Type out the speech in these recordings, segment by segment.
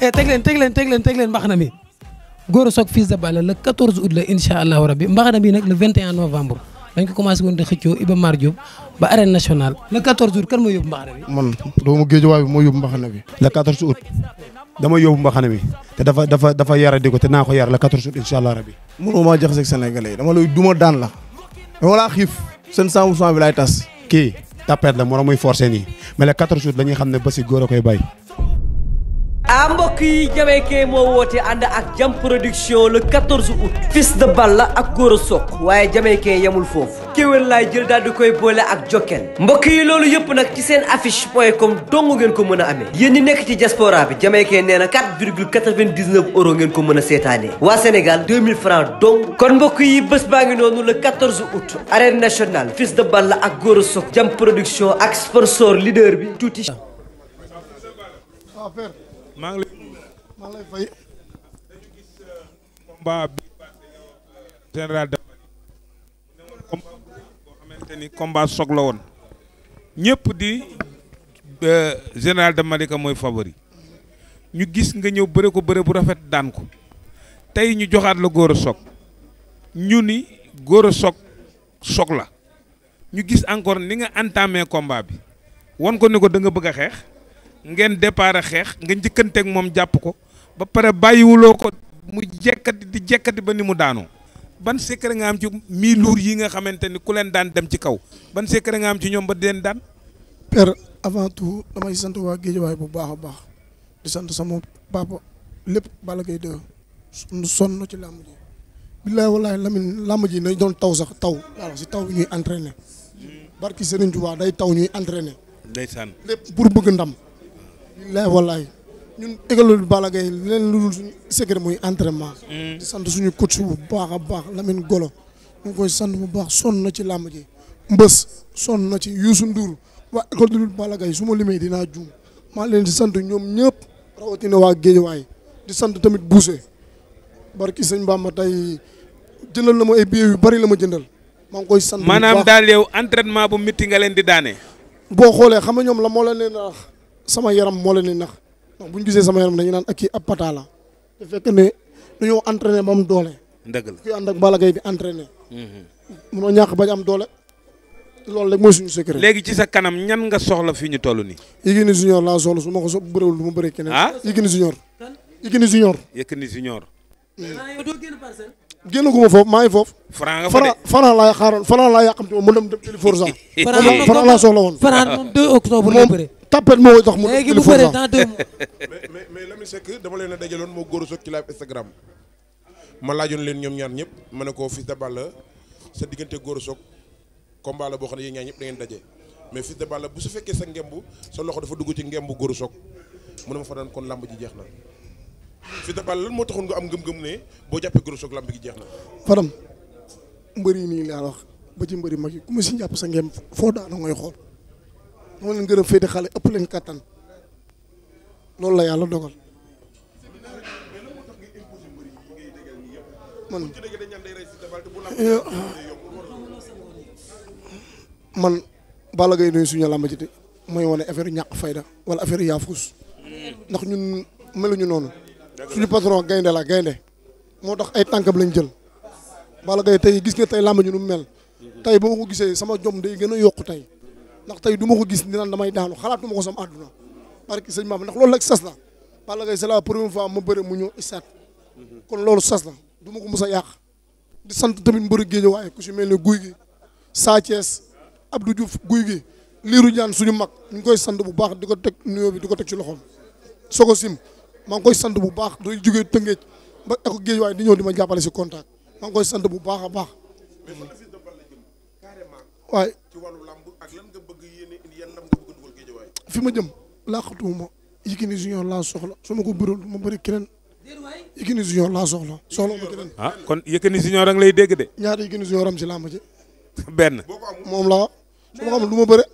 eh teg leen teg leen teg leen teg leen mbaxana mi Gora Sock Fils de Balla le 14 la incha allahu rabi novembre dañ ko commencé woon di xëccoo Iba Mar Diop ba arène nationale le 14 août kan moo yóbbu mbaxana bi. man doomu géejuwaay bi moo yóbbu mbaxana bi. dama yóbbu mbaxana bi te dafa dafa dafa yara di ko te naa ko yar le 14 août incha allah rabi. mënoo maa jaxase ak sénégalais dama lay duma daan la. wala xiif seen 100% bi laay tas. kii tapet la moroom muy forcé nii mais le 14 août la xam ne ba si góor a koy bay a ah, mbokk yi Jamaïcain moo woote ànd ak jam production la 14 août Fils de Balla ak Gora Sock waaye Jamaïcain yamul foofu kéwél laay jël daal di koy boole ak Jokkel mbokk yi loolu yëpp nag ci seen affiche point com dong ngeen ko mën a amee yéen ñi nekk ci diaspora bi Jamaïcain nee na 4,99 euros ngeen ko mën a seetaanee waa Sénégal 2000 francs dong kon mbokk yi bés baa ngi noonu le 14 août arène nationale Fils de Balla ak Gora Sock jam production ak sponsor leader bi tuuti maa ngi lay maa ni combat soog la woon ñëpp di euh, général de Malika mooy favori ñu gis nga ñëw bëre ko bëre bu rafet daan ko tey ñu joxaat la góor a soog ñu ni góor a soog soog la ñu gis encore ni nga entamé combat bi wan ko ni ko da nga bëgg a xeex. ngeen départ a xeex nga njëkkanteeg moom jàpp ko ba pare bàyyiwuloo ko mu jekkati di jekkati ba ni mu daanoo ban secret nga am ci mii luur yi nga xamante ni ku leen daan dem ci kaw ban secret nga am ci ñoom ba di daan. père avant tout damay sant waa Géejawaay bu baax a baax di sant sama papa lépp Balla Gaye de sonn ci làmb ji. billaay wallaay Lamine làmb ji nañ doon taw sax taw waaw si taw ñuy entraîner hmm. barki Serigne Touba day taw ñuy entraîner. ndeysaan lépp pour bëgg ndam. billaahi wallaahi ñun égalul Balla Gaye leen lu dul suñu secret muy entraînement. Hmm. di sant suñu coach bu baax a baax Lamine Golo ñu koy sant bu baax sonn na ci làmb ji mbës sonn na ci Youssou Ndour waa école de lutte Balla Gaye su ma limee leen di sant ñoom ñëpp rawatina waa Géejawaay di sant tamit Bousse sëñ Bamba tey jëndal na ma ay yu bari la jëndal. maa ngi koy maanaam daal yow entraînement bu métti nga leen di daane. boo xoolee xam nga ñoom la moo leen leen wax. sama yaram moo leen di nax ndax bu ñu gisee sama yaram dañu naan ak kii ab pata la te fekk ne dañoo entraîné ba am doole. dëgg la kii ànd ak Balla mhm. bañ am doole. loolu rek mooy suñu secret. léegi ci sa kanam ñan nga soxla fi ñu toll nii. Yékini Junior laa soxla su ma ko so bu bëriwul du ma bëree keneen. ah Yékini Junior. Yékini Junior. Yékini Junior. génn gu ma foofu maa ngi foofu. Franc nga fa de Franc laay xaaroon Franc laay yàqamti ma mu dem dem Forza. Franc laa soxla woon. Franc moom 2 tapet moo tax mu. léegi bu bëree mais mais Lamine Seck dama leen a dajaloon moo góor soog ci live Instagram ma laajoon leen ñoom ñaar ñëpp ma ne ko Fils de Balla sa góor soog combat la boo xam ne yéen ñaar ñëpp da ngeen daje mais Fils de bu su fekkee sa ngemb sa loxo dafa dugg ci ngemb góor soog mu ne ma fa daan kon làmb ji jeex na Fils de lan moo taxoon nga am ngëm-ngëm ne boo jàppee góor soog làmb ji jeex na. Fadam mbër yi nii laa wax ba ci mbër yi mag yi ku si jàpp sa ngemb foo daana ngay xool. moo leen gën a féete xale ëpp leen kàttan loolu la yàlla dogal man man Balla Gaye nuyu suñu làmb ji de mooy wane affaire ñàkk fayda wala affaire yaafus ndax ñun meluñu noonu suñu patron gaynde laa gaynde moo tax ay tànkam lañ jël Balla tey gis nga tey làmb ji nu mel tey boo ko gisee sama jom day gën a yokku tey ndax tey duma ko gis ni naan damay daanu xalaatuma ko sam àdduna parce que sëñ maam ndax loolu nag sas la Balla Gaye c'est la première fois ma bëre mu ñëw isaat kon loolu sas la duma ko mës a yàq di sant tamit mbëri waaye ku si mel ne guy gi Sa Thiès Abdou Diouf guy gi liiru ñaan suñu mag ñu ngi koy sant bu baax di ko teg nuyoo bi di ko teg ci loxoom soko sim maa ngi koy sant bu baax doy jógee tëngeej ba ako Géejawaay di ñëw di ma jàppale si contact maa ngi koy sant bu baax a baax waaye fi ma jëm làqatuwuma Yékini Junior laa soxla su ma ko bëral ma bëri keneen Yékini Junior laa soxla soxla ma keneen. Ah, kon Yékini Junior da nga lay dégg de. ñaata Yékini Junior am si làmb ji. benn moom laa su ma ko amul du ma bëre.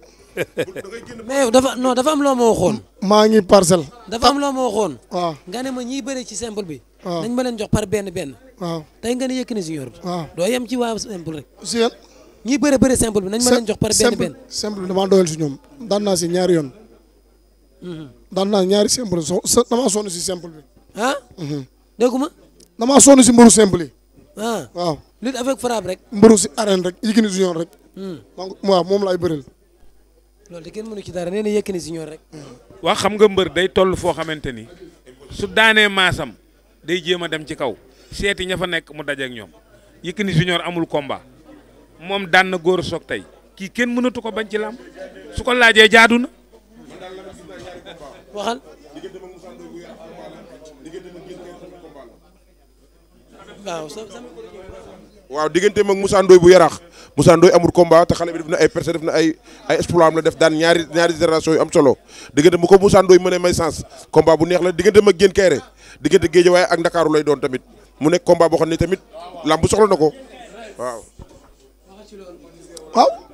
mais yow dafa non am loo ma waxoon. maa ngi parcelle. dafa am loo ma waxoon. waaw nga ne ma ñiy bëre ci simple bi. waaw nañ ma jox par benn benn. waaw tey nga ne Yékini Junior doo yem ci waa simple rek. si yéen. ñiy bëre bëre bi nañ ma leen jox par benn benn. simple simple damaa doyal si ñoom daan naa si ñaari yoon. daan naa ñaari simple so damaa sonn si simple bi. ah. Mhm. dégguma. damaa sonn si mbëru simple yi. ah waaw. lutte avec frappe rek. mbëru si arène rek Yékini Junior rek. Hmm. waaw moom laay bëril. loolu de kenn mënu ci dara nee na Yékini Junior rek. Hmm. waa xam nga mbër day toll foo xamante ni su daanee maasam day jéem a dem ci kaw seeti ña fa nekk mu dajeek ñoom Yékini Junior amul komba moom daan na góor soog tey kii kenn mënatu ko bañ ci làmb su ko laajee jaadu waxal. waaw sa sa. waaw digganteem bu yarax Moussa Ndoye amul combat te xale bi def na ay percé def na ay ay exploit am la def daan ñaari ñaari génération yu am solo diggante mu ko Moussa Ndoye mën a may sens combat bu neex la digganteem ak Gene Kairé diggante Guédiawaye ak Ndakaaru lay doon tamit mu nekk combat boo xam ne tamit làmb soxla na ko waaw.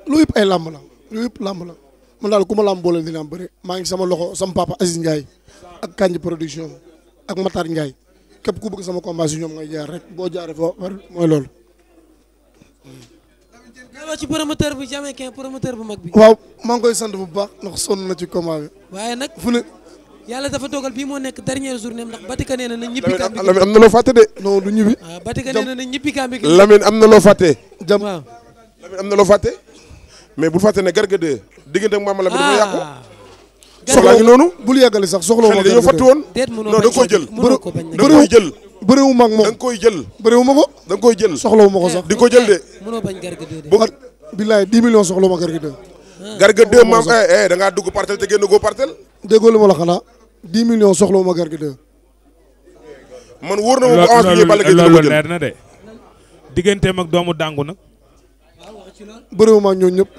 lu yëpp ay làmb la man daal ku ma laam boole dinaa am maa ngi sama loxo sama papa Aziz Ndiaye ak Kanji production ak Matar Ndiaye képp ku bëgg sama combat si ñoom ngay jaar rek boo jaaree foo mooy loolu. waaw ci promoteur bu jamaïcain promoteur bu mag bi. waaw maa ngi sant bu baax ndax sonn na ci combat bi. waaye nag fu ne. yàlla dafa dogal bii moo nekk dernière journée ndax Batika nee na na ñibbi kambi gi Lamine am na loo fàtte de. non du ah, na na ñibbi kambi gi. Lamine am na loo fàtte. jam waaw am na loo fàtte. mais bul fàtte ne diggante ak maam la bi dafa ah. yàqu. noonu. bul yàggale sax soxla wu ma dañoo fàtte woon. déet mënoo bañ a jël mënoo ko bañ jël. bëriwu ma ak koy jël. bëriwu ma ko. da koy jël soxla wu ma ko sax. di ko jël de. mënoo bañ garga soxla wu ma garga deux. Ah. garga deux maam eh eh da ngaa dugg partel te génn goo partel. déggoo li ma la xanaa 10 millions soxla wu ma na ma bu avance bi ñuy bàll dina ko jël leer na de. digganteem ak doomu dàngu nag. bëriwu ma ak ñëpp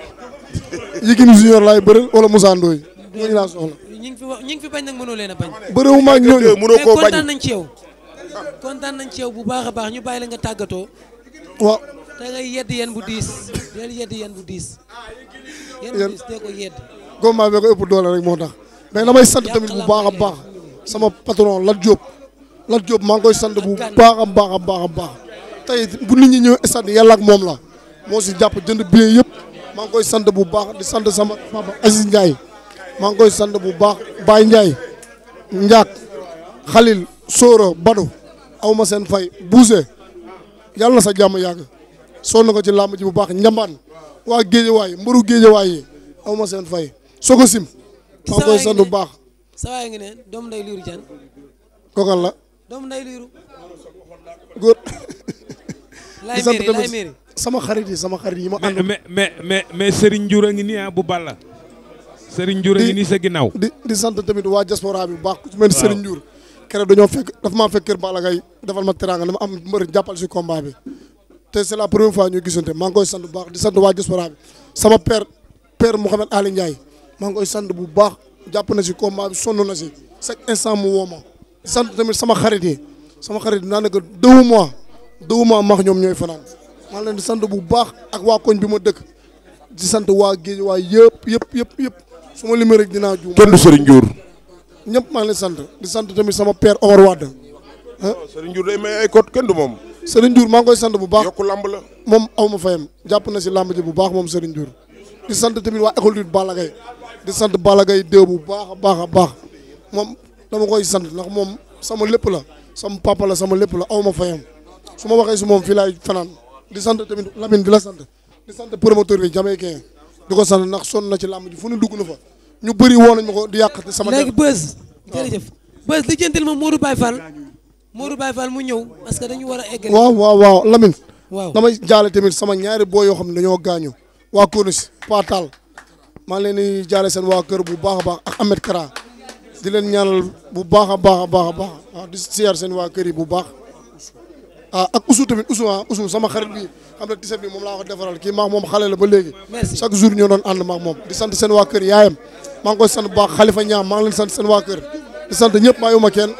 Yékini Junior laay bëreel wala Moussa Ndoye ñooñu laa soxla. ñi ngi fi wax ñi ngi fi bañ nag mënoo leen a bañ. bëreewu ma ak ñooñu mënoo koo bañ kontaan nañ ci yow. kontaan nañ ci yow bu baax a baax ñu bàyyi la tàggatoo. waaw da ngay yedd yeen bu diis del yedd yeen bu diis. yeen bu diis dee ko yedd. gommaa bee ko ëpp doole rek moo tax mais damay sant tamit bu baax a baax sama patron Lat Diop. Lat Diop maa ngi koy sant bu baax a baax a baax a baax tey bu nit ñi ñëw stade yàlla ak moom la moo si jàpp jënd billet yëpp maa koy sant bu baax di sant sama papa Aziz Ndiaye maa ngi koy sant bu baax baay Ndiaye Ndiak Khalil Sora Badou aw ma seen fay buuse yàlla na sa jàmm yàgg sonn na ko ci làmb bu baax njambaan waa géejewaay mbaru géejewaay yi aw ma seen fay soog a sim. maa koy sant bu baax. sa waay ngi ne doomu la. doomu nday liiru. góor. sama xarit yi sama xarit yi ma. ànd mais mais mais mais Serigne Ndiour a ngi nii ah bu Balla. Serigne Ndiour a ngi nii sa ginnaaw. di di sant tamit waa diaspora bi bu baax. ku ci mel ni Serigne Ndiour. keroog dañoo fekk dafa maa fekk kër Balla Gaye defal ma teraanga dama am mbër jàppal si combat bi. te c'est la première fois ñu gisante maa ngi koy sant bu baax di sant waa diaspora bi sama père père Mouhamed Ali Ndiaye maa ngi koy sant bu baax jàpp na si combat bi sonn na si chaque instant mu woo ma sant tamit sama xarit yi sama xarit yi daanaka deux mois deux mois max ñoom ñooy fanaan maa leen di sant bu baax ak waa koñ bi ma dëkk di sant waa géej waa yëpp yëpp yëpp yëpp su ma limee dinaa juum. kenn du Serigne Ndiour. ñëpp maa ngi sant di sant tamit sama père Omar Wade. ah Serigne Ndiour day may ay code kenn moom. Serigne Ndiour ngi koy sant bu baax yokku lamb la. moom aw ma fayam jàpp na si lamb bu baax moom Serigne Ndiour di sant tamit waa école du Balla Gaye di sant Balla Gaye déw bu baax a baax a baax moom dama koy sant ndax moom sama lépp la sama papa la sama lépp la aw ma fayam su ma waxee si moom fii laay fanaan. di sant tamit lamin di la sant di sant promoteur bi Jamaïcain di ko sant ndax sonn na ci làmb ji fu ñu dugg na fa ñu bëri woo nañ ko di yàq te sama. léegi bës jërëjëf bës li jëntil ma Modou Baye Fall Modou Baye Fall mu ñëw parce que dañu war a egg. waaw waaw waaw Lamine. waaw damay jaale tamit sama ñaari boo yoo xam ne dañoo gaañu waa Konis Patal maa ngi leen di jaale seen waa kër bu baax a baax ak Ahmed Kara di leen ñaanal bu baax a baax a baax a di siyaar seen waa kër yi bu baax. ah ak Ousou tamit Ousou ah Ousou sama xarit bi xam ne tiset bi moom la ko defaral kii maag moom xale la ba léegi chaque jour ñoo doon ànd maag moom di sant seen yaayam maa ngi koy sant bu baax Xalifa Ñaam maa ngi leen sant seen waa kër di sant ñëpp maa yuma kenn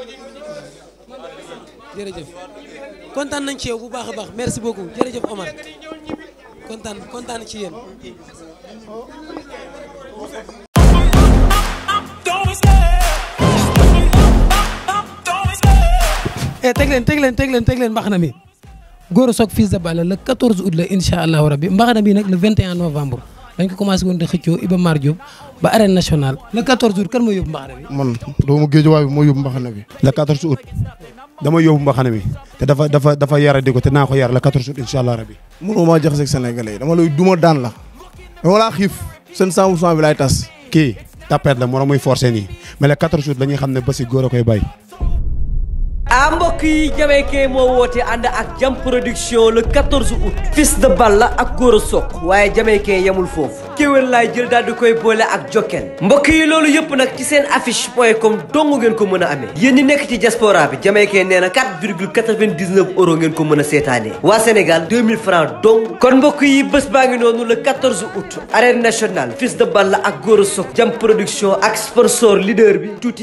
kontaan nañ ci bu baax a baax merci beaucoup jërëjëf Omar kontaan kontaan ci yéen eh teg leen teg leen teg leen teg leen mbaxana mi Gora Sock Fils de Balla le 14 août la incha allahu rabi mbaxana nag le 21 novembre dañ ko yóbbu mbaxana bi. man doomu géejuwaay bi moo yóbbu mbaxana bi. le 14 août dama yóbbu mbaxana bi te dafa dafa dafa yara ko te naa ko yar le 14 août incha allah rabi. mënoo maa jaxase dama lay duma daan la. dama laa xiif seen 100% bi laay tas. kii tapet la morom muy forcé nii mais le 14 août ñuy xam ne ba si góor koy bay ah mbokk yi Jamaïcain moo woote ànd ak jam production la 14 août. Fils de Balla ak Gora Sock waaye Jamaïcain yamul foofu. kéwén laay jël daal di koy boole ak Jokkel. mbokk yi loolu yëpp nag ci seen affiche point com dong ngeen ko mën a amee. yéen ñi nekk ci diaspora bi Jamaïcain nee na 4,99 euros ngeen ko mën a seetaanee. waa Sénégal 2000 francs dong. kon mbokk yi bés baa ngi noonu le 14 août. arène nationale Fils de Balla ak góor Gora Sock jam production ak sponsor leader bi tuuti.